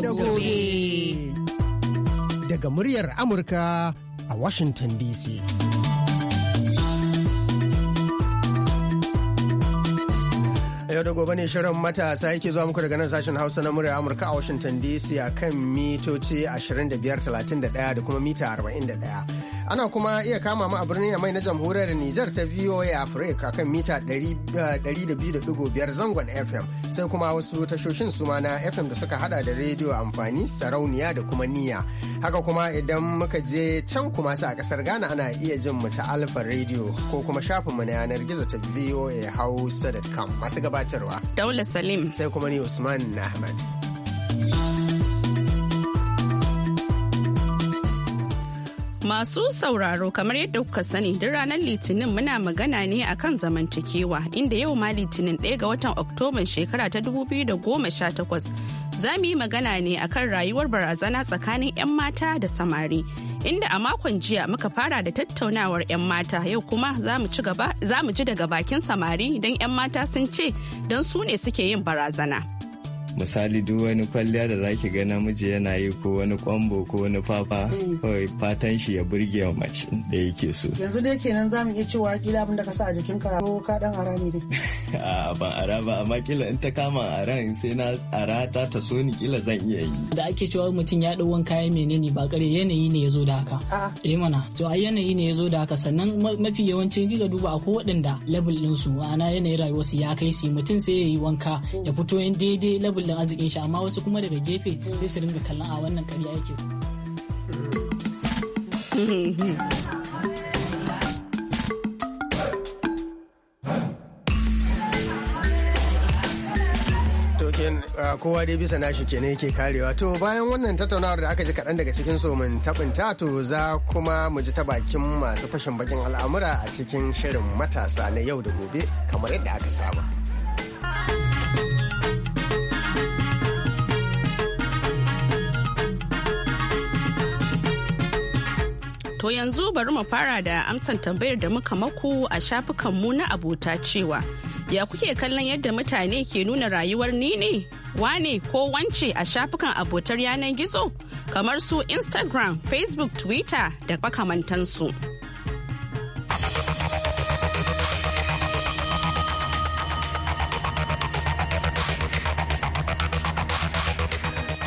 da gobe. Daga muryar Amurka a Washington DC. yau da gobe ne shirin matasa yake zuwa muku daga nan sashen hausa na murya amurka a washington dc a kan mitoci 25 31 da kuma mita 41 Ana kuma iya kama mu a birnin mai na jamhuriyar Nijar ta VOA Africa kan mita 200.5 eh, zangon FM sai kuma wasu tashoshin suma na FM da suka hada da rediyo amfani sarauniya da kuma niya. Haka kuma idan muka je can kuma sa a kasar Ghana ana iya jin mu ta Alfa Radio ko kuma mu na yanar gizo ta VOA Hausa.com masu gabatarwa. Daula Salim. Sai kuma ni Usman Ahmad. Masu sauraro kamar yadda kuka sani duk ranar Litinin muna magana ne akan zamantakewa inda yau ma Litinin ɗaya ga watan Oktoban shekara ta 2018 za mu yi magana ne akan rayuwar barazana tsakanin 'yan mata da samari. Inda a makon jiya muka fara da tattaunawar 'yan mata yau kuma za mu ji daga bakin samari don 'yan mata sun ce don su ne suke yin barazana. misali duk wani kwalliya da zaki ga namiji yana yi ko wani kwambo ko wani fafa mm. kawai fatan shi ya burge wa mace da yake so yanzu dai kenan za mu iya cewa kila abin da ka sa a jikin ka. ko ka dan ara ne a ban ara ba amma kila in ta kama ara in sai na ara ta ta so ni kila zan iya yi da ake cewa mutum ya dau wanka ya menene ba kare yanayi ne ya zo da haka eh mana to ai yanayi ne ya zo da haka sannan mafi yawancin kika duba akwai waɗanda level ɗinsu ana yanayin rayuwarsu ya kai su mutum sai ya yi wanka ya fito yan daidai level tattalin arzikin shi amma wasu kuma daga gefe sai su ringa kallon a wannan karya yake kowa dai bisa nashi kenan yake karewa to bayan wannan tattaunawar da aka ji kaɗan daga cikin somin taɓin tato za kuma mu ji ta bakin masu fashin bakin al'amura a cikin shirin matasa na yau da gobe kamar yadda aka saba. To yanzu bari mu fara da amsan tambayar da muka maku a shafukan mu na abota cewa ya kuke kallon yadda mutane ke nuna rayuwar ni ne wane ko wance a shafukan abotar yanar gizo kamar su Instagram, Facebook, Twitter da makamantansu.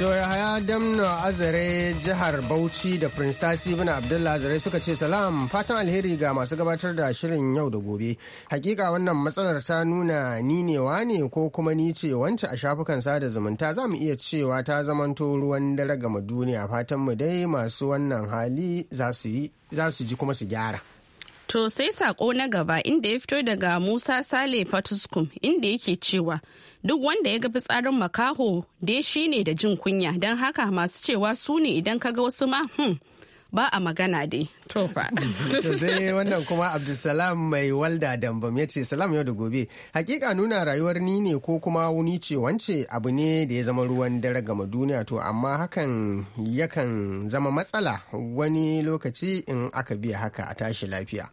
To ya Damna Azare jihar Bauchi da Prince Tasi bin Abdullah Azare suka ce salam fatan alheri ga masu gabatar da shirin yau da gobe. Hakika wannan matsalar ta nuna ni ne ne ko kuma ni ce wance a shafukan sada zumunta za mu iya cewa ta zamanto ruwan dare gama duniya fatan mu dai masu wannan hali za su ji kuma su gyara. To sai sako na gaba inda ya fito daga Musa Sale Fatuskum inda yake cewa duk wanda ya ga tsarin makaho dai shi ne da jin kunya don haka masu cewa su ne idan kaga wasu ma hmm, ba a magana dai. To fa. to sai wannan kuma Abdulsalam mai walda dambam ya ce salam yau da gobe. Hakika nuna rayuwar ni ne ko kuma wuni ce wance abu ne da ya zama ruwan dare gama duniya to amma hakan yakan zama matsala wani lokaci in aka biya haka a tashi lafiya.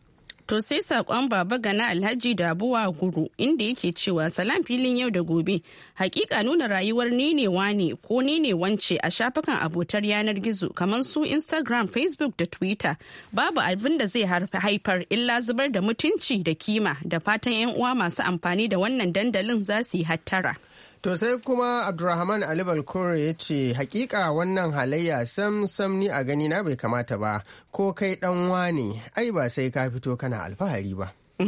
To sai saƙon baba gana Alhaji Dabuwa Guru inda yake cewa salam filin yau da gobe hakika nuna rayuwar ni ne wane ko ni ne wance a shafukan abotar yanar gizo kamar su Instagram, Facebook da Twitter babu abin da zai haifar illa zubar da mutunci da kima da fatan 'yan uwa masu amfani da wannan dandalin za su yi hattara. To sai kuma Abdulrahman Ali Balkore ya ce hakika wannan halayya sam sam ni a gani na bai kamata ba ko kai dan wane ai ba sai ka fito kana alfahari ba.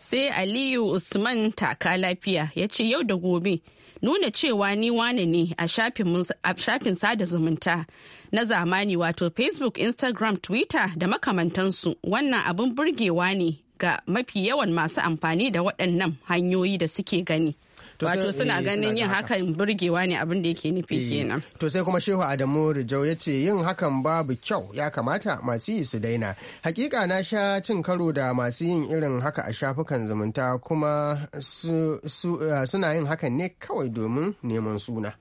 Sai Aliyu Usman taka lafiya ya ce yau da gobe nuna cewa ni wane ne a shafin sada zumunta na zamani wato Facebook, Instagram, Twitter da makamantansu wannan abin burgewa ne ga mafi yawan masu amfani da waɗannan hanyoyi da suke gani. wato suna eh, ganin yin hakan burgewa ne abin da yake nufi eh, kenan to sai kuma shehu adamu rijau ya ce yin hakan babu kyau ya kamata masu yi su daina hakika na sha cin karo da masu yin irin haka a shafukan zumunta kuma eh, suna yin hakan ne kawai domin neman suna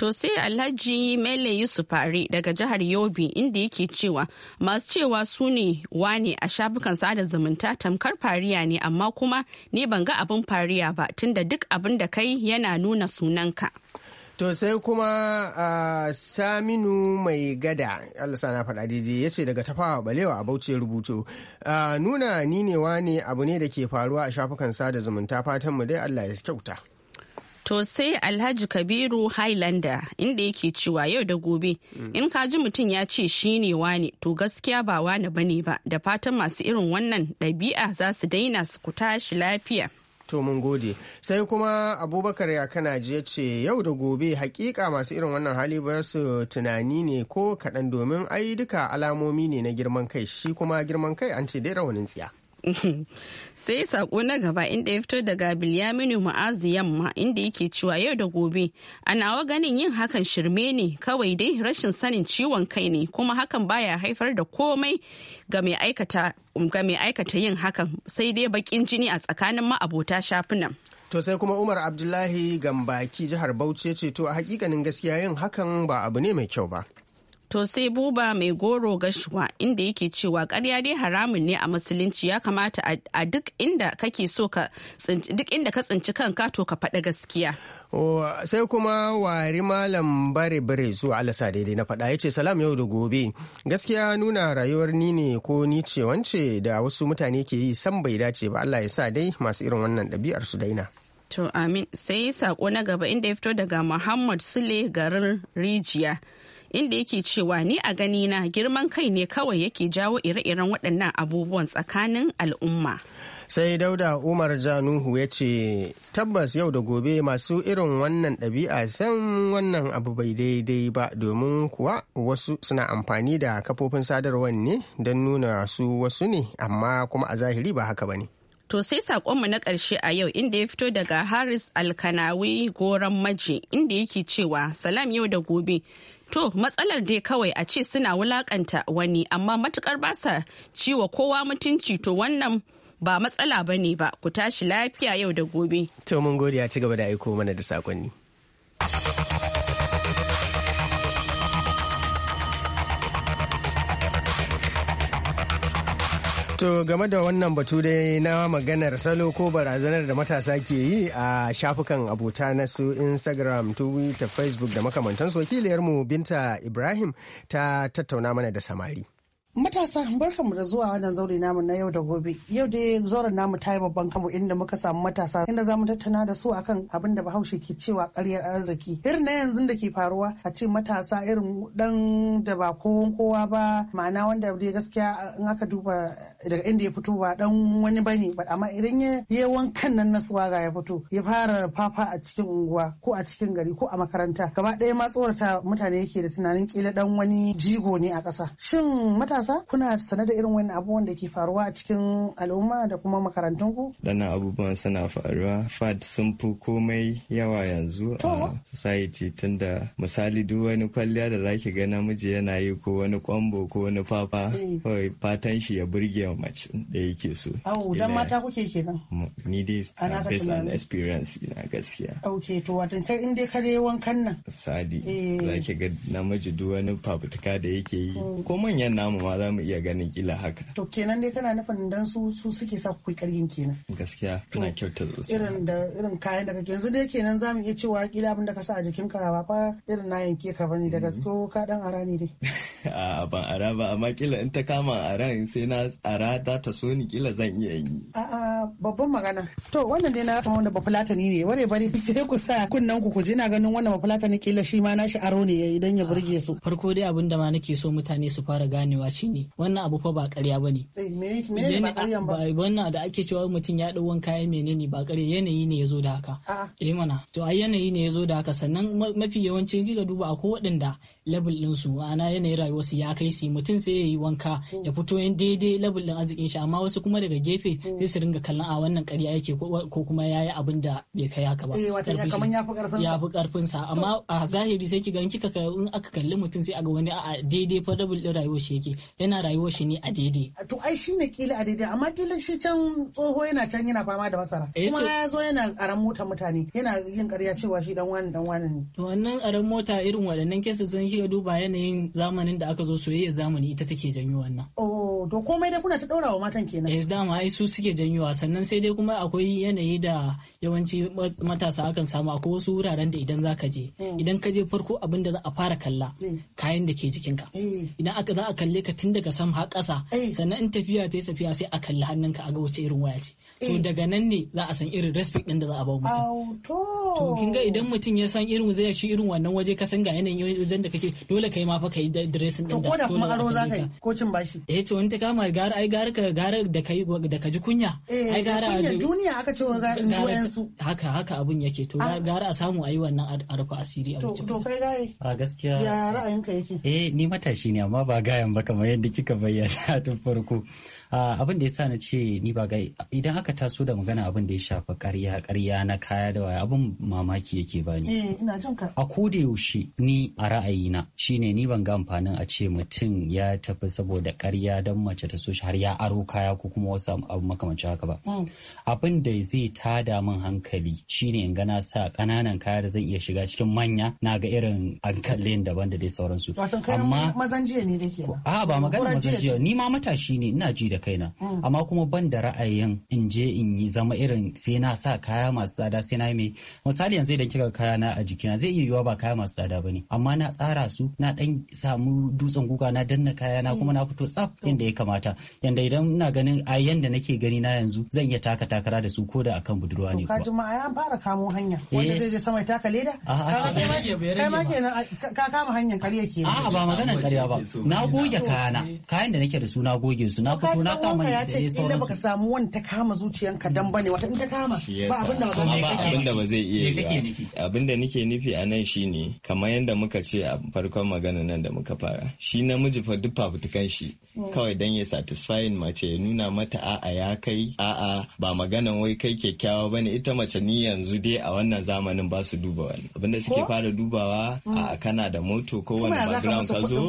To sai Alhaji Mele Yusuf Are daga jihar Yobe inda yake cewa masu cewa su ne wane a shafukan sada zumunta tamkar fariya ne amma kuma ni ban ga abin fariya ba tunda duk abin da kai yana nuna sunanka. To sai kuma a Saminu mai gada, Allah na faɗa daidai ya ce daga tafawa balewa a bauchi rubutu. nuna ninewa ne abu ne da ke faruwa a shafukan sada zumunta fatan mu dai Allah ya kyauta. To sai Alhaji Kabiru Highlander inda yake cewa yau da gobe in ka ji mutum ya ce shi ne wane to gaskiya ba wane bane ba da fatan masu irin wannan ɗabi'a za su daina su ku tashi lafiya. To mun gode. Sai kuma Abubakar ya kana ji ya ce yau da gobe hakika masu irin wannan hali ba su tunani ne ko kaɗan domin ai duka alamomi ne na girman kai shi kuma girman kai an ce dai rawanin tsiya. sai saƙo na gaba inda ya fito daga bilyaminu ma'azi yamma inda yake cewa yau da gobe a nawa ganin yin hakan shirme ne kawai dai rashin sanin ciwon kai ne kuma hakan baya haifar da komai ga mai aikata yin hakan sai dai bakin jini a tsakanin ma'abota shafinan. To sai kuma Umar Abdullahi Gambaki jihar Bauchi ce to a hakikanin gaskiya yin hakan ba abu ne mai kyau ba. To sai buba mai goro gashuwa inda yake cewa karya dai haramun ne a musulunci ya kamata a duk inda kake so ka duk inda ka tsinci kanka to ka faɗi gaskiya. sai kuma wari malam bare bare zuwa alasa daidai na faɗa ya ce salam yau da gobe gaskiya nuna rayuwar ni ne ko ni ce wance da wasu mutane ke yi san bai dace ba Allah ya sa dai masu irin wannan ɗabi'ar su daina. To amin sai sako na gaba inda ya fito daga Muhammad Sule garin Rijiya. inda yake cewa ni a gani na girman kai ne kawai yake jawo ire-iren waɗannan abubuwan tsakanin al'umma. sai dauda umar januhu ya ce tabbas yau da gobe masu irin wannan ɗabi'a san wannan abu bai daidai ba domin kuwa wasu suna amfani da kafofin sadarwar ne don nuna su wasu ne amma kuma a zahiri ba haka ba ne To sai sakonmu na ƙarshe a yau inda ya fito daga Haris Alkanawi goron maji inda yake cewa salam yau da gobe To matsalar dai kawai a ce suna wulaƙanta wani amma matukar ba sa ciwa kowa mutunci to wannan ba matsala ba ne ba ku tashi lafiya yau da gobe. To mun gode ya ci gaba da aiko mana da sakonni. To game da wannan batu dai na maganar salo ko barazanar da matasa ke yi a shafukan abota na su Instagram, Twitter, Facebook da makamantansu wakiliyarmu Binta Ibrahim ta tattauna mana da samari. Matasa barkanmu da zuwa wannan zaure namu na yau da gobe. Yau dai zauren namu ta yi babban kamu inda muka samu matasa inda za mu tattauna da su akan abin da Bahaushe ke cewa karyar arziki. Irin na yanzu da ke faruwa a ce matasa irin dan da ba kowan kowa ba ma'ana wanda dai gaskiya in aka duba daga inda ya fito ba dan wani bane ba amma idan ya yi wankan nan na suwaga ya fito ya fara fafa a cikin unguwa ko a cikin gari ko a makaranta gaba ɗaya ma tsorata mutane yake da tunanin kila dan wani jigo ne a ƙasa. Shin matasa ƙasa kuna sane da irin wani abubuwan da ke faruwa a cikin al'umma da kuma makarantun ku dana abubuwan suna faruwa fad sun fi komai yawa yanzu a society tunda misali duk wani kwalliya da zaki ga namiji yana yi ko wani kwambo ko wani papa. Eh. kawai fatan shi ya burge mace da yake so au dan mata kuke kenan ni dai based on experience na gaskiya ok to watan kai in dai kare wankan nan sadi eh. zaki ga namiji duk wani fafutuka da yake yi hmm. ko manyan namu ma za mu iya ganin kila haka. To kenan dai tana nufin dan su su suke sa ku karyin kenan. Gaskiya tana kyauta sosai. Irin da irin kayan da kake yanzu dai kenan za mu iya cewa kila abin da ka sa a jikinka ba fa irin na yanke ka bane da gaske ko ka dan ara ne dai. a ban ara ba amma kila in ta kama ara in sai na ara ta ta so ni kila zan iya yi. A'a babban magana. To wannan dai na kama wanda bafulatani ne ware bare sai ku sa kunnan ku ku ji na ganin wannan bafulatani kila shi ma nashi aro ne yayi dan ya burge su. Farko dai abin da ma nake so mutane su fara ganewa ne wannan abu fa ba ƙarya bane eh, wannan da ake cewa mutum ya ɗau wanka ya menene ba ƙarya yanayi ne ya zo da haka eh mana to ai yanayi ne ya zo da haka sannan mafi yawanci kika duba akwai waɗanda level din su ana yanayin rayuwar su ya kai su mutum sai ya yi wanka hmm. ya fito yan daidai level din arzikin shi amma wasu kuma daga gefe hmm. sai su ringa kallon a wannan ƙarya yake ko kuma ya yi abin da bai kai haka ba eh, ya fi karfin amma a zahiri sai kiga in kika in aka kalli mutum sai aga wani a daidai fa level din rayuwar shi yake yana rayuwar shi ne a daidai. To ai shi ne kila a daidai amma kila shi can tsoho yana can yana fama da masara. Eh, kuma ya zo yana aran mota mutane yana yin karya cewa shi dan wani dan wani ne. To wannan aran mota irin waɗannan kesa sun shi duba yanayin zamanin da aka zo soyayya zamani ita take janyo wannan. Oh to komai dai kuna ta ɗora wa matan kenan. Eh dama ai su suke janyowa sannan sai dai kuma akwai yanayi da yawanci matasa akan samu akwai wasu wuraren da idan zaka je hmm. idan ka je farko abin da za a fara kalla hmm. kayan da ke jikinka hmm. idan aka za a kalle ka tun daga sam har ƙasa eh. sannan in tafiya ta yi tafiya sai a kalli hannunka a ga wace irin waya ce to eh. daga nan ne za a san irin respect ɗin da za a ba mutum to kin ga idan mutum ya san irin zai shi irin wannan waje ka san ga yanayin wajen da kake dole kai ma fa kai dressing din da ko da kuma aro za yi ko cin bashi eh to in ta kama gara ai gara ka gara da kai da ka ji kunya eh, ai gara a duniya aka ce ga influensu haka haka abun yake to ah. gara a samu ayi wannan arfa asiri a to kai gaye a gaskiya ya ra'ayinka yake eh ni matashi ne amma ba gayan ba kamar yadda kika bayyana tun farko Ah, abin da ya sa na ce ni ba gai idan aka taso da magana abin da ya shafa karya karya na kaya da waya abin mamaki yake bani ni. Eh, ina jin ka a koda yaushe ni a ra'ayina shine ni ban ga amfanin a ce mutum ya tafi saboda karya don mace ta so shi har ya aro kaya ko kuma wasu abu makamancin haka ba mm. abin da zai tada min hankali shine in gana sa kananan kaya da zan iya shiga cikin manya na ga irin an kallon daban da dai sauransu amma mazan jiya ne da ke a ba magana mazan jiya ni ma matashi ne ina ji da kaina mm. amma kuma ban da ra'ayin in je in yi zama irin sai na sa kaya masu tsada sai na mai misali yanzu idan kika kaya na a jikina zai iya yiwuwa ba kaya masu tsada bane amma na tsara su na dan samu dutsen guga na danna kaya na kuma na fito tsaf inda mm. ya kamata yanda idan ina ganin a yanda nake gani na yanzu zan iya taka takara da su ko da akan budurwa ne kuwa. a yan fara kamo hanya wanda eh. zai je sama taka leda. Kai ma kenan ka kama hanyar karya ke. a ba maganar karya ba na goge kayana eh. kayan da nake da su na goge su na fito na na sa mai ya ce kila baka samu wani ta kama zuciyanka dan bane wata in ta kama ba abinda da ba zai iya da ba zai iya da nake nufi a nan shine kamar yadda muka ce a farkon magana nan da muka fara shi namiji fa duk fafutukan shi kawai dan ya satisfying mace ya nuna mata a'a ya kai a'a ba maganan wai kai kyakkyawa bane ita mace ni yanzu dai a wannan zamanin ba su duba wani abinda suke fara dubawa mm. a kana da moto ko wani background ka zo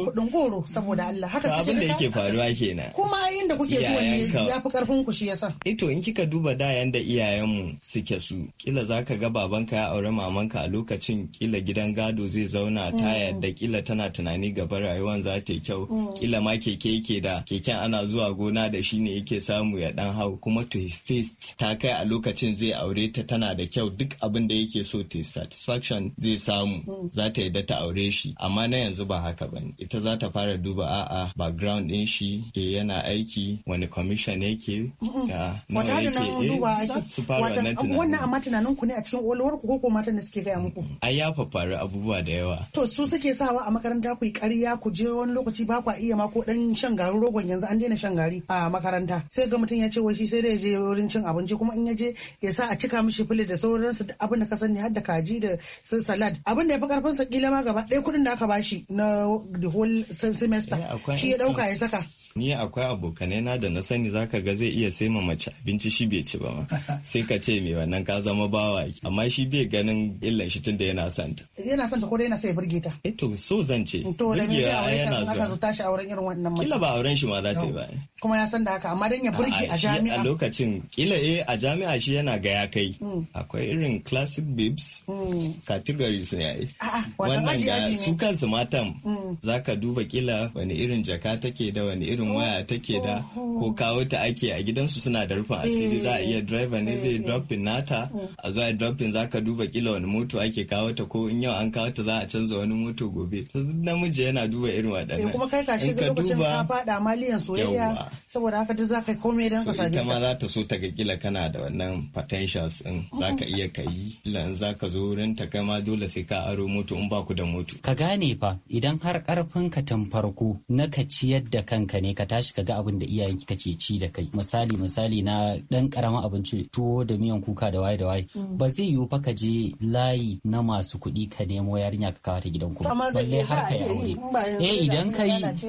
saboda Allah haka da yake faruwa kenan kuma da kuke kuke zuwa ne ya fi karfin ku shi yasa. Ito eh in kika duba da yanda iyayenmu suke su kila za ka ga babanka ya aure mamanka a lokacin kila gidan gado zai zauna mm. ta yadda kila tana tunani gaba rayuwan za ta yi kyau mm. kila ma keke yake da keken ana zuwa gona da shi ne yake samu ya dan hau kuma to his taste ta kai a lokacin zai aure ta tana da kyau duk abin da yake so ta satisfaction zai samu mm. za ta yadda ta aure shi amma na yanzu ba haka bane ita za ta fara duba a'a background din shi eh, yana aiki wani commission yake da nawa yake eh za su fara wannan tunanin wannan amma tunanin ku ne a cikin olwar ku ko matan da suke gaya muku ai ya fafari abubuwa da yawa to su suke sawa a makaranta ku yi ƙarya ku je wani lokaci ba kwa iya ma ko dan shan garin rogon yanzu an daina shan gari a makaranta sai ga mutum ya ce wai shi sai dai ya je wurin cin abinci kuma in ya je ya sa a cika mishi fili da sauransu da abin da ka sani har da kaji da su salad abin da ya fi karfin sa kila ma gaba ɗaya kuɗin da aka bashi na the whole semester eh, shi ya ɗauka ya saka ni akwai abokanai na da na sani zaka ga zai iya sai mace abinci shi bai ci ba ma sai ka ce mai wannan ka zama bawa amma shi bai ganin illan shi tunda yana santa yana santa ko dai yana sai burge ta eh to so zan ce. to da me yana zaka zo tashi auren irin wannan mace kila ba auren shi ma za ta ba kuma ya san da haka amma dan ya burge a jami'a a lokacin kila eh a jami'a shi yana ga ya kai hmm. akwai irin classic babes hmm. categories ne ai wannan ga su kansu matan hmm. zaka duba kila wani irin jaka take da wani irin waya take da ko oh. kawo ta ake a gidansu suna da rufin asiri za a iya eh, driver ne zai eh, eh. dropin nata oh. a zuwa dropin za ka duba kila wani moto ake kawo ta ko in yau an kawo ta za a canza wani moto gobe namiji yana duba irin waɗannan kuma kai ka shiga lokacin ka faɗa maliyan soyayya saboda haka duk za ka komai don ka sadi ta ma za ta so ta ga kila kana da wannan potentials din za ka iya kai kila in za ka zo wurin ta kai ma dole sai ka aro moto in ba ku da moto ka gane fa idan har karfin ka tan farko na ka ciyar da kanka ne ka tashi ka ga abin da iya ki kake ci da kai misali misali na dan karamin abinci tuwo da miyan kuka da waye da waye mm. ba zai yiwu fa ka je layi na masu kuɗi ka nemo yarinya ka kawo ta gidan ku balle har ka yi aure eh idan ka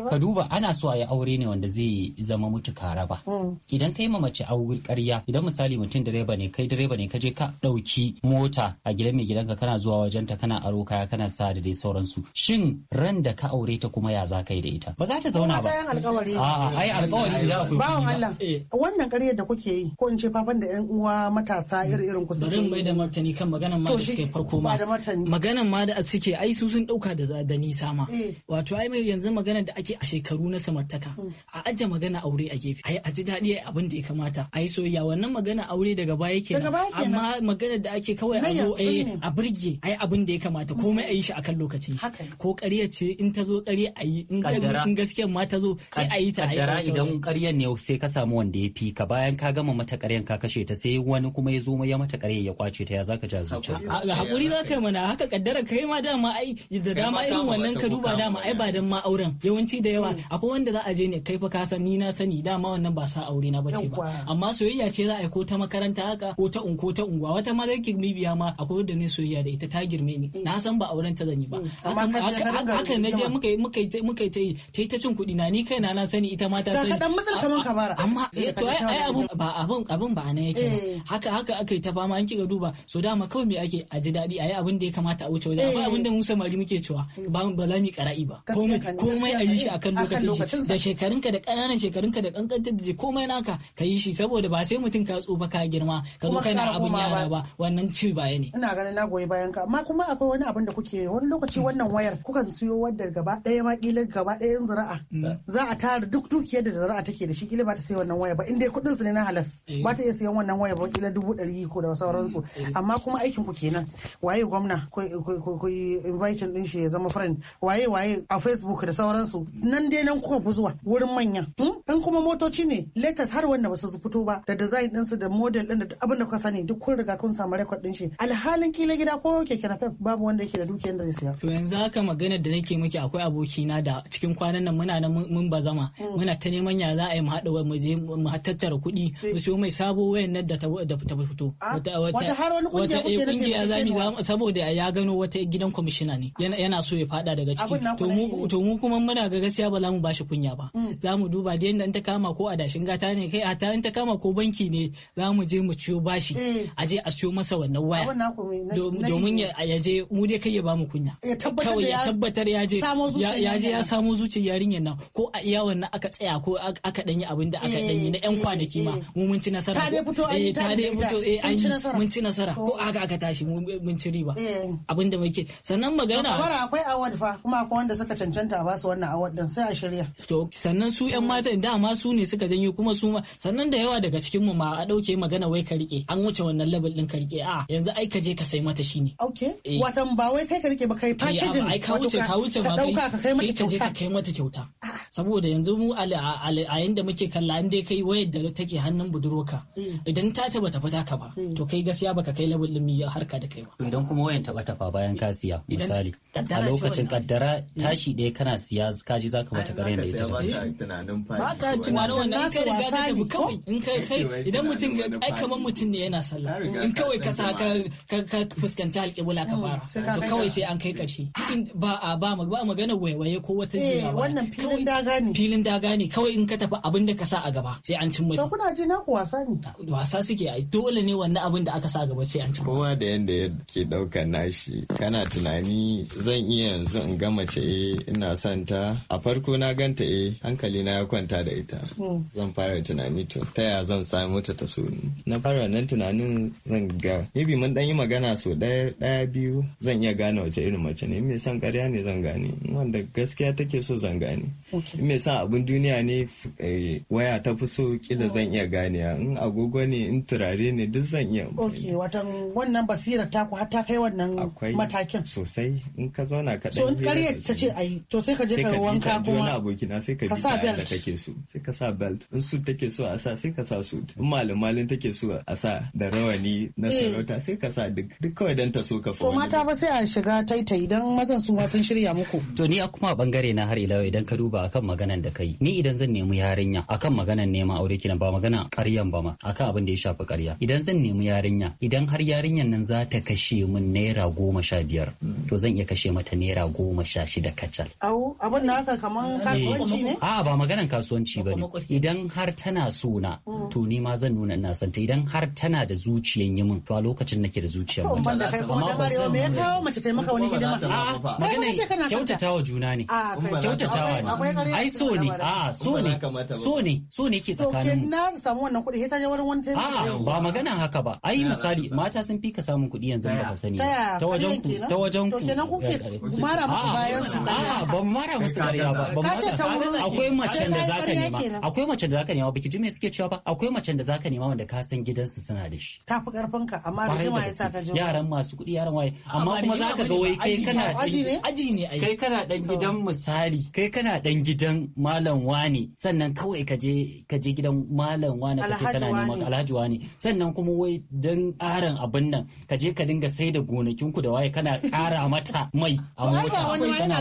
ka duba ana so a yi aure ne wanda zai zama mutu kara ba mm. idan kai ma mace aure ƙarya idan misali mutum direba ne kai direba ne ka je ka ɗauki mota a gidan mai gidanka kana zuwa wajen ta kana aro kaya kana sa da dai sauran su. shin ran da ka aure ta kuma ya za ka yi da ita ba za ta zauna ba a'a ai alƙawari bawan Allah eh. wannan karyar da kuke yi ko in ce faban da yan uwa matasa mm. irin irin kusa suke mai da martani kan maganan ma da suke farko ma maganan ma da suke ai su sun dauka da da nisa ma eh. wato ai mai yanzu maganar da ake a shekaru na samartaka mm. a aje magana aure a gefe ai a ji daɗi abin da ya kamata ai soyayya wannan magana aure daga baya kenan amma maganar da ake kawai a zo eh, a burge ai abin da ya kamata mm. komai a yi shi akan lokacin shi ko ƙarya ce in ta zo ƙarya a in gaskiya ma ta zo sai a yi ta a ƙaryan ne sai ka samu wanda ya fi ka bayan ka gama mata ka kashe ta sai wani kuma ya zo ya mata ya kwace ta ya zaka ja zuciya hakuri za ka mana haka kaddara kai ma dama ai da dama irin wannan ka duba dama ai ba dan ma auren yawanci da yawa akwai wanda za a je ne kai fa ka san ni na sani dama wannan ba sa aure na bace ba amma soyayya ce za a yi ko ta makaranta haka ko ta unko ta unguwa wata ma da yake biya ma akwai wanda ne soyayya da ita ta girme ni na san ba auren ta zanyi ba mm. haka na je muka yi ta yi ta cin kuɗi na ni na na sani ita ma ta sani misal kaman kabara amma eh, to ai abun ba abun abun ba na yake eh. haka haka aka yi ta fama an kika duba so dama kawai me ake a ji daɗi a abun da ya kamata a wuce wajen akwai eh. abun da mu samari muke cewa ba mu za mu kara'i ba komai a yi shi akan lokacin shi da shekarunka da ƙananan shekarunka da kankantar da komai naka ka yi shi saboda ba sai mutum ka tsufa ka girma ka zo kana abun yara ba wannan ci baya ne ina ganin na goyi bayan ka amma kuma akwai wani abun da kuke wani lokaci wannan wayar kukan siyo wadda gaba daya ma kila gaba daya zira'a za a tara duk dukiyar da zira'a ta take da shi kila ba ta wannan waya ba inda kudin su ne na halas eh. ba ta iya sayan wannan waya ba kila dubu ɗari ko da sauransu mm, eh. amma kuma aikin ku kenan waye gwamna ko invite din shi ya zama friend waye waye a facebook da sauransu nan dai nan kuka zuwa wurin manya hmm? in kuma motoci ne latest har wanda ba su fito ba da design din su da model din da abin da kuka sani duk kun riga kun samu record din shi alhalin kila gida ko keke na babu wanda yake da dukiyar da zai siya to yanzu haka maganar da nake miki akwai abokina da cikin kwanan nan muna nan mun bazama hmm. muna ta neman ya za a yi mu haɗa mu je mu tattara kuɗi eh. mu siyo mai sabo wayan nan da ta fito ah, wata wata wata mu zami saboda ya gano wata gidan kwamishina ne yana so ya faɗa daga ciki to mu kuma muna ga gaskiya ba za mu bashi kunya ba hmm. za mu duba da yadda in ta kama ko a dashin gata ne kai hatta in ta kama ko banki ne za mu je mu ciyo bashi eh. a je a siyo masa wannan waya domin ya je mu dai kai ya bamu kunya kawai ya tabbatar ya je ya je ya samo zuciyar yarinyar nan ko a iya wannan aka tsaya ko aka dan yi abin da aka dan yi na yan eh, eh, kwanaki ma eh. mu mun ci nasara ta dai fito eh ta dai fito eh an yi mun ci nasara ko oh. aka aka tashi mun ci riba abin da muke sannan magana fara akwai award fa kuma akwai wanda suka cancanta ba su wannan award din sai a shirya to sannan su yan matan dama su ne suka janyo kuma su ma sannan da yawa daga cikin mu ma a dauke magana wai ka rike an wuce wannan level din ka rike a yanzu ai ka je ka sai mata shine okay watan ba wai kai ka rike ba kai packaging ai ka wuce ka wuce ma kai ka je ka kai mata kyauta kai saboda yanzu mu ala a yanda muke kalla in dai kai wayar da take hannun budurwaka mm. idan ta taba tafi taka ba mm. to kai gaskiya baka kai labin limi ya harka da kai ba idan kuma wayan taba tafa bayan ka siya misali a lokacin kaddara mm. tashi ɗaya kana siya ka ji zaka mata kare da ita ba ka tunanin wannan in kai riga ta tafi kawai in kai kai idan mutum ai kaman mutum ne yana sallah in kawai ka sa ka fuskanta alƙibla ka fara to kawai sai an kai ƙarshe ba a ba magana waiwaye ko wata eh, jiya wannan filin daga ne filin daga ne kawai in ka tafi abin da ka sa a gaba sai an cimma. To kuna ji naku wasa ne. Wasa suke ai dole ne wannan abin da aka sa a gaba sai an cimma. Kowa da yanda yake ɗaukar nashi kana tunani zan iya yanzu in ga mace eh ina son ta a farko na ganta eh hankali na ya kwanta da ita. Hmm. Zan fara tunani to ta ya zan samu ta ta so Na fara nan tunanin zan ga maybe mun dan yi magana so ɗaya ɗaya biyu zan iya gane wace irin mace ne mai son ƙarya ne zan gane wanda gaskiya take so zan gane. Me sa abin duniya ne Eh, waya ta fi so kila zan iya a, in agogo ne in turare ne duk zan iya ok watan wannan basira ta ku har ta kai wannan matakin sosai in ka zauna ka dan so in ta ce ai to sai ka je ka wanka kuma sai ka abokina sai ka bi da take so sai ka sa belt in su take so a sa sai ka sa su in malam malin take so a sa da rawani na eh. sarauta sai ka sa duk duk kawai dan ta so ka fa mata ba sai a shiga taita idan mazan su ma sun shirya muku to ni a kuma bangare na har ila idan ka duba akan maganan da kai ni idan zan nemi yarinya akan maganan neman aure kina ba magana ƙaryan ba ma akan abin da ya shafi ƙarya idan zan nemi yarinya idan har yarinyan nan za ta kashe min naira goma sha biyar to zan iya kashe mata naira goma sha shida kacal. awo abin da haka kamar mm. kasuwanci ne? A'a ba maganan kasuwanci ba ne idan har tana so na mm. to ni ma zan nuna ina santa idan har tana da zuciyan yi min to a lokacin nake da zuciyan mace. Amma ba zan me ya kawo mace taimaka wani hidima? A'a magana kyautatawa juna ne. Kyautatawa ne. Ai so ne. A'a so ne. kamata ba. So ne, so ne yake tsakanin. To kenan samu wannan kuɗi sai ta je wurin wani taimako. A'a ah, ba magana haka ba. Ai misali mata sun fika samun kuɗi yanzu ba ka sani. Ta wajen ku, ta wajen ku. To kenan kuke mara musu ah, bayan su. A'a ah, ba mara musu bayan ba. Ka ce ta wurin akwai macen da za ka nema. Akwai macen da za zaka nema biki ji me suke cewa ba. Akwai macen da za ka nema wanda ka san gidansu suna da shi. Ta fi karfin ka amma rigima ya sa ka je. Yaran masu kuɗi yaran waye. Amma kuma za ka ga wai kai kana aji ne. Aji ne ai. Kai kana dan gidan misali. Kai kana dan gidan malam wani sannan nan kawai ka je gidan malam wani ka ce kana neman alhaji wani sannan kuma wai don ƙarin abin nan ka je ka dinga sai da gonakin ku da waye kana ƙara mata mai a mota kana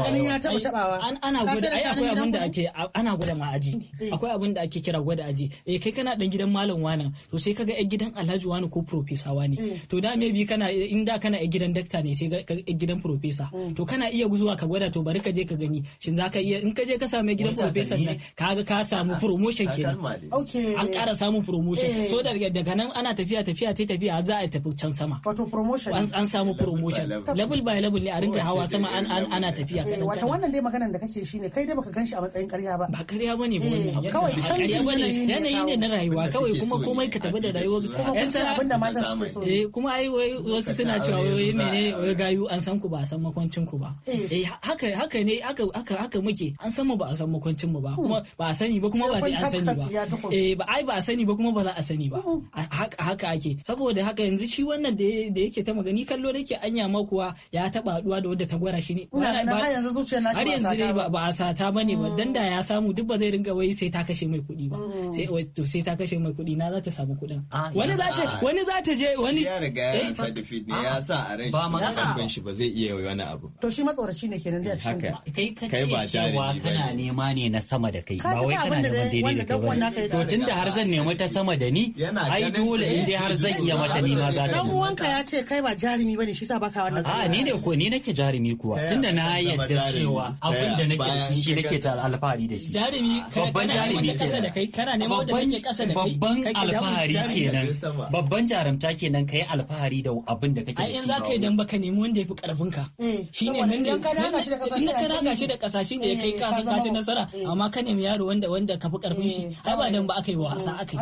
ana gwada ai akwai abin da ake ana gwada ma aji mm. Mm. akwai abin da ake kira gwada aji eh kai kana dan gidan malam wani to sai kaga yan gidan alhaji wani ko professor wani mm. to da maybe kana in da kana yan gidan dakta ne sai ka gidan professor to kana iya zuwa ka gwada to bari ka je ka gani shin zaka iya in ka je ka same gidan professor nan kaga ka samu promotion kenan an ƙara samu promotion eh. so daga nan ana tafiya tafiya ta tafiya za a tafi can sama wato promotion an samu promotion level by level ne a rinka hawa sama ana tafiya kadan eh, wato wannan dai maganar da kake shine kai dai baka ganshi a matsayin ƙarya ba ba ƙarya bane ba eh, kawai ƙarya bane yanayi ne na rayuwa kawai kuma komai ka tafi da rayuwa yan sana abinda mata suke so eh kuma ai wasu suna cewa wai mene wai gayu an san ku ba a san makwancin ku ba eh haka haka ne haka haka muke an san mu ba a san makwancin mu ba kuma ba a san sani ba kuma ba sai an sani ba eh ba ai ba sani ba kuma ba za a sani ba mm-hmm. haka ake saboda haka yanzu shi wannan da yake ta magani kallo nake anya ma kuwa ya taba aduwa da wadda ta gwara shi ne har yanzu dai ba a sata ba ne ba mm. dan da ya samu duk ba zai ringa wai sai ta kashe mai kuɗi ba mm. sai to sai ta kashe mai kuɗi na za ta samu kuɗin ah, wani za ta wani za ta je wani ya riga ya certificate eh? ne ya sa a ran shi ba magana shi ba zai iya wani abu to shi matsoraci ne kenan da cikin kai ba jarumi ba kana nema ne na sama da kai ba wai kana ban daidai da kai ba to tunda har zan nemi ta sama da ni ai dole in dai har zan iya mata ni ma za ta dan uwanka ya ce kai ba jarumi bane shi sa baka wannan a ni ne ko ni nake jarumi kuwa tunda na yadda cewa abin da nake da shi nake ta alfahari da shi jarumi babban jarumi kasa da kai kana neman wanda kake kasa da kai babban alfahari kenan babban jarumta kenan kai alfahari da abin da kake shi ai in zaka yi dan baka nemi wanda yafi karfin eh, ka shine nan da in ka raga shi da kasashe ne kai eh, ka san ka nasara eh. amma ka nemi yaro wanda wanda ka fi karfin shi eh, ai ba dan ba aka yi ba wasa oh, aka yi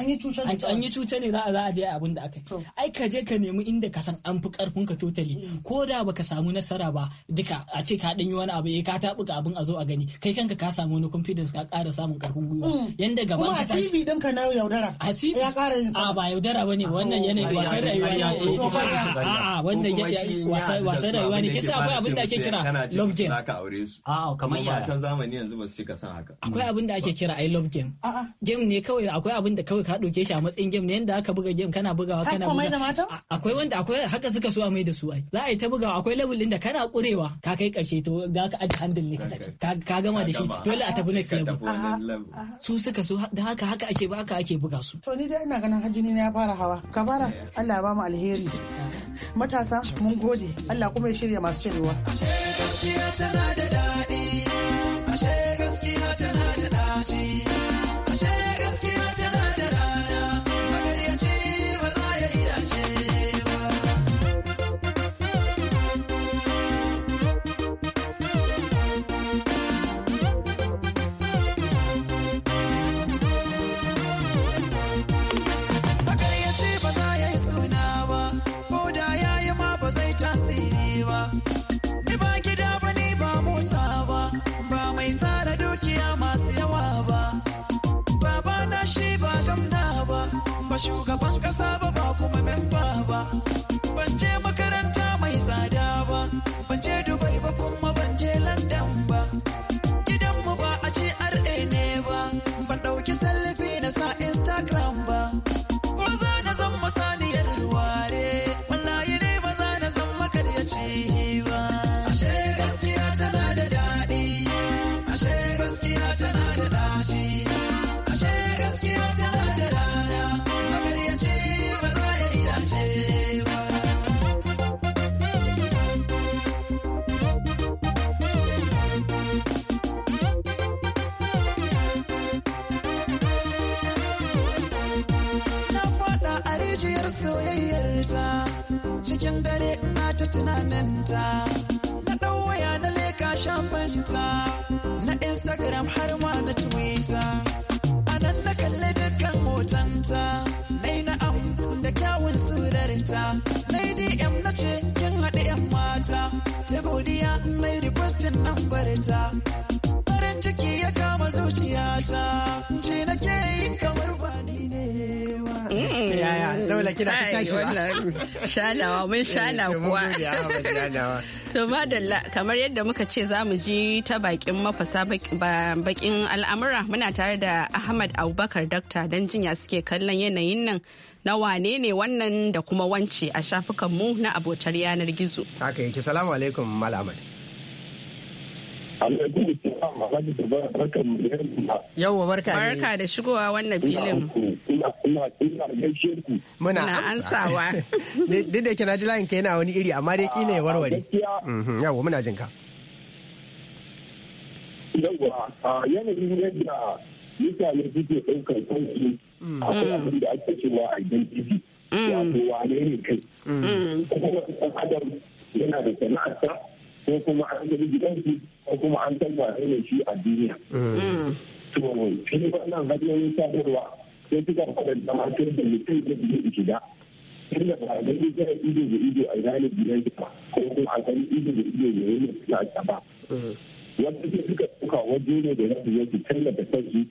an yi cuta ne za a za a je abin da aka yi ai ka je ka nemi inda ka san an fi karfin ka totally hmm. ko da baka samu nasara ba duka a ce ka danyi yi wani abu eh ka ka abin a zo a gani kai kanka ka samu wani confidence ka ƙara samun karfin gwiwa hmm. yanda gaba kuma a CV din ka na yaudara a CV ya ƙara yin a ba yaudara bane wannan yanayi wasan rayuwa ne a wannan wasan rayuwa ne kisa akwai abin da ake kira love game a'a kamar ya matan zamani yanzu ba su cika san haka akwai abin da ake kira I love game. Game ne kawai akwai abin da kawai ka ɗauke shi a matsayin game ne yanda aka buga game kana bugawa kana buga. Akwai wanda akwai haka suka so a mai da su ai. Za a yi ta bugawa akwai level ɗin da kana ƙurewa ka kai ƙarshe to za ka aji handle ne ka gama da shi dole a tafi next level. Su suka so da haka haka ake ba haka ake buga su. To ni dai ina ganin hajjini na ya fara hawa. Ka fara Allah ya ba mu alheri. Matasa mun gode Allah kuma ya shirya masu cirewa. Ashe gaskiya tana da daɗi. 自己。tunaninta na ɗan waya na leka shafanta na instagram har ma na twitter a nan na kalli dukkan hotonta na yi na'am da kyawun surarinta na yi dm na ce kin haɗe yan mata ta godiya mai yi requestin nambarta farin ciki ya kama zuciyata ce na ke yi kamar ba ne Yaya, kina ta shi Shanawa, mun kuwa. To madalla, kamar yadda muka ce za mu ji ta bakin mafasa bakin al'amura muna tare da Ahmad Abubakar Dakta don jinya suke kallon yanayin nan na wane ne wannan da kuma wance a shafukanmu na abotar yanar gizo. Haka yake, salamu alaikum malamai. Yawwa barka ne. Barka da shigowa wannan filin. Muna ansawa. Duk da kina ji layin ka yana wani iri amma dai kina ya warware. Yawwa mhm, muna jinka. Yawwa yanayin yadda mutane suke ɗaukar kansu mm. akwai mm. abin da ake cewa identity. Mm. Wato wane ne kai. Kuma adam yana da sana'arsa ko kuma an ga gidansu ko kuma an tabba ne shi a duniya. To shi wannan hanyoyin sadarwa sai suka fara damatar da mutum da zai da. Inda ba a gani zai ido da ido a gane gidan ba ko kuma a gani ido da ido da yana suna ta ba. Wanda sai suka ɗauka waje ne da zasu yi su tallata kansu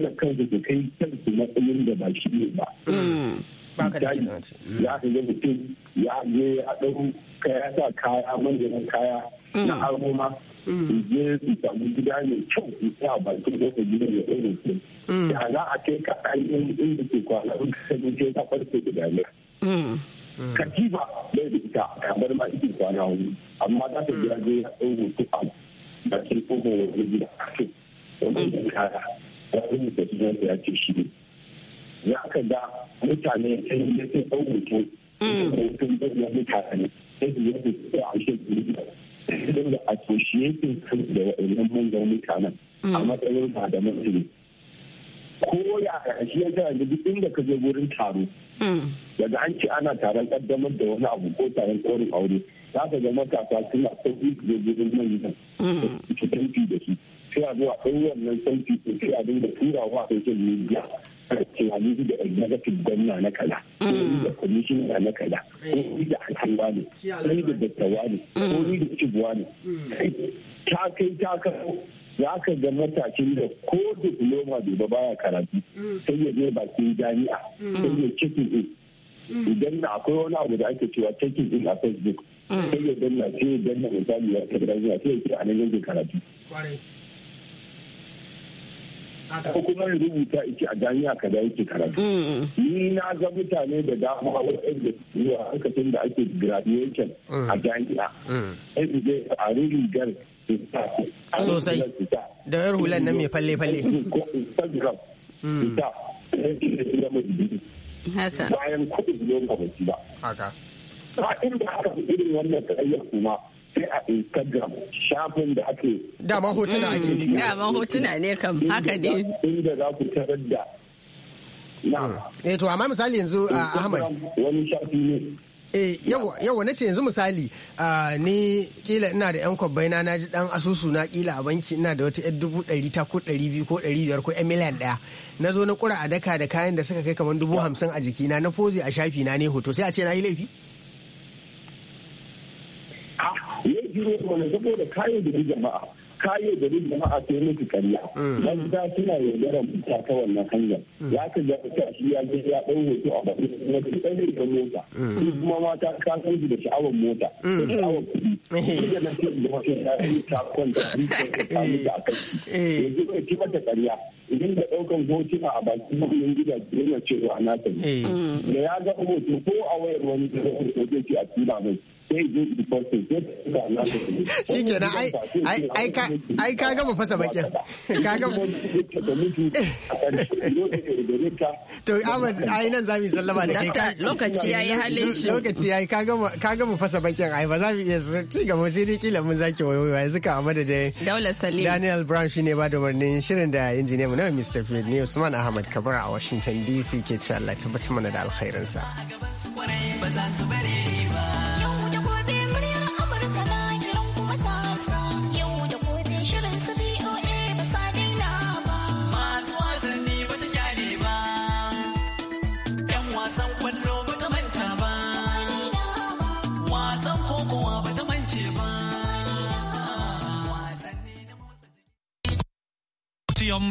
ya kansu su kai kansu matsayin da ba shi ne ba. baka da ya ka ga mutum ya je a ɗau kaya sa kaya kaya na mm. aroma mm. je su samu gida mai kyau su sa bakin kofa gida mai su mm. za a kai ka ainihin inda ke kwana in ka sani farko da katifa bai da ita ma ita kwana wani amma za ta je a ɗau hoto a bakin kofa wani gida a wani kaya wani da ya ce shi ne za ka ga mutane sun yi sun ɗau hoto mm. sun ɗau mutane sai su yadda su a shi sun da associating sun da wa'annan manyan mutanen mm. a matsayin ba da mutum ko ya shi ya da duk inda ka je wurin taro mm. daga an ce ana taron ƙaddamar da wani abu ko taron korin aure za ka ga matasa suna sauƙi da wurin manyan su tanfi da su sai a zuwa ɗan wannan tanfi sai a dinga turawa a social media tunani da executive gwamna na kaza ko mm. ni da commissioner na kaza ko ni da alhalwa ne ko ni da dattawa ne ko mm. ni da cibuwa ne mm. ta kai ta kawo za ka ga matakin da ko diploma bai ba baya karatu sai ya je bakin jami'a sai ya cikin in idan na akwai wani abu da ake cewa cikin in a facebook sai ya danna sai ya danna misali ya kadar zuwa sai ya ce a nan yake karatu ko kuma ya rubuta yake a jami'a da yake karatu ni na ga mutane da dama waɗanda zuwa lokacin da ake graduation a mm. jami'a Yan mm. je a rigar sosai da yar hulan nan mai falle falle mm. bayan kuɗin yau ba ba Ba inda aka fi irin wannan ta ayyar kuma sai a instagram shafin da ake dama hotuna ake mm. dama hotuna ne kam haka ne inda za ku tarar da na mm. eh, to amma misali yanzu ah, ahmad wani shafi ne Eh, yawa na ce yanzu misali ah, ni kila ina da 'yan kwabbaina na ji dan asusu na kila a banki ina da wata 1,200 ta ko biyu ko biyar ko miliyan daya na zo na kura a daka da kayan da suka kai kamar dubu hamsin a jikina na foze a shafi na ne hoto sai a ce na yi laifi? jiro mana kayan da jama'a kayo da jama'a sai musu karya mm. dan da suna yaudaran ta ta wannan hanyar mm. ya ka ga ta shi ya ji ya dau hoto a bakin kuma duk ɗan da mota mm. shi kuma mata ka san da sha'awar mota da sha'awar kuɗi eh. da na ce da ta yi ta kwanta ta da eh. eh. karya idan da ɗaukan hotuna a bakin mutanen gida yana cewa na da ya ga hoto ko a wayar wani da hoto ce a tura mai shi ke na ai ka gama fasa bakin ka gama to ahmad ai nan za sallama da kai lokaci ya yi halin shi lokaci ya yi ka gama fasa bakin ai ba za mu iya ci gaba sai dai kila mun zaki wayo yanzu ka amada da daular salim daniel brown ne ba da umarnin shirin da injiniya mu na mr fred ne usman ahmad kabara a washington dc ke ci allah tabbatar mana da alkhairinsa ba za su bari